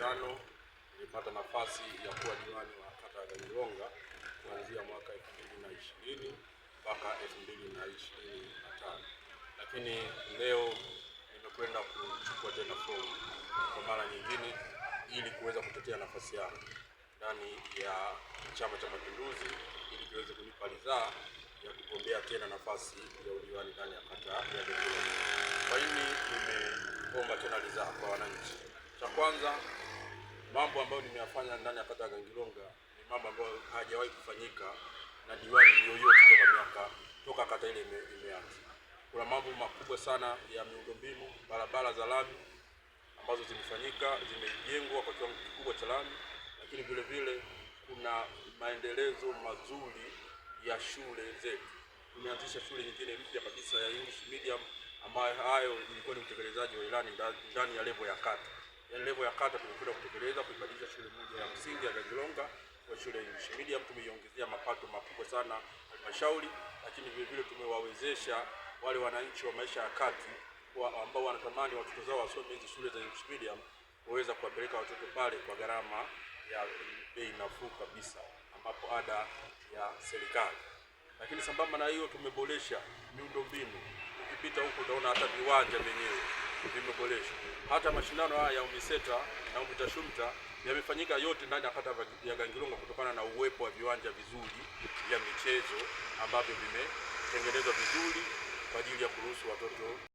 mashindano nilipata nafasi ya kuwa diwani wa kata ya Nyang'ilonga kuanzia mwaka 2020 mpaka 2025, lakini leo nimekwenda kuchukua tena fomu kwa mara nyingine ili kuweza kutetea nafasi yangu ndani ya Chama cha Mapinduzi ili kiweze kunipa ridhaa ya kugombea tena nafasi ya udiwani ndani ya kata ya Nyang'ilonga. Kwa hili nimeomba tena ridhaa kwa wananchi. Cha kwanza mambo ambayo nimeyafanya ndani ya kata ya Gangilonga ni mambo ambayo hajawahi kufanyika na diwani yoyote toka miaka toka kata ile imeanza. Kuna mambo makubwa sana ya miundombinu, barabara za lami ambazo zimefanyika, zimejengwa kwa kiwango kikubwa cha lami, lakini vile vile kuna maendelezo mazuri ya shule zetu. Tumeanzisha shule nyingine mpya kabisa ya English medium ambayo hayo ilikuwa ni utekelezaji wa ilani ndani ya level ya kata level ya kata tumekwenda kutekeleza kuibadilisha shule moja ya msingi ya Gagilonga kwa shule ya English medium. Tumeiongezea mapato makubwa sana halmashauri, lakini vile vile tumewawezesha wale wananchi wa maisha ya kati ambao wanatamani watoto zao wasome hizi shule za English medium kuweza kuwapeleka watoto pale kwa gharama ya bei nafuu kabisa, ambapo ada ya serikali. Lakini sambamba na hiyo tumeboresha miundombinu, ukipita huko utaona hata viwanja vyenyewe vimeboreshwa. Hata mashindano haya ya UMISETA na UMITASHUMTA yamefanyika yote ndani ya kata ya Gangilonga kutokana na uwepo wa viwanja vizuri vya michezo ambavyo vimetengenezwa vizuri kwa ajili ya kuruhusu watoto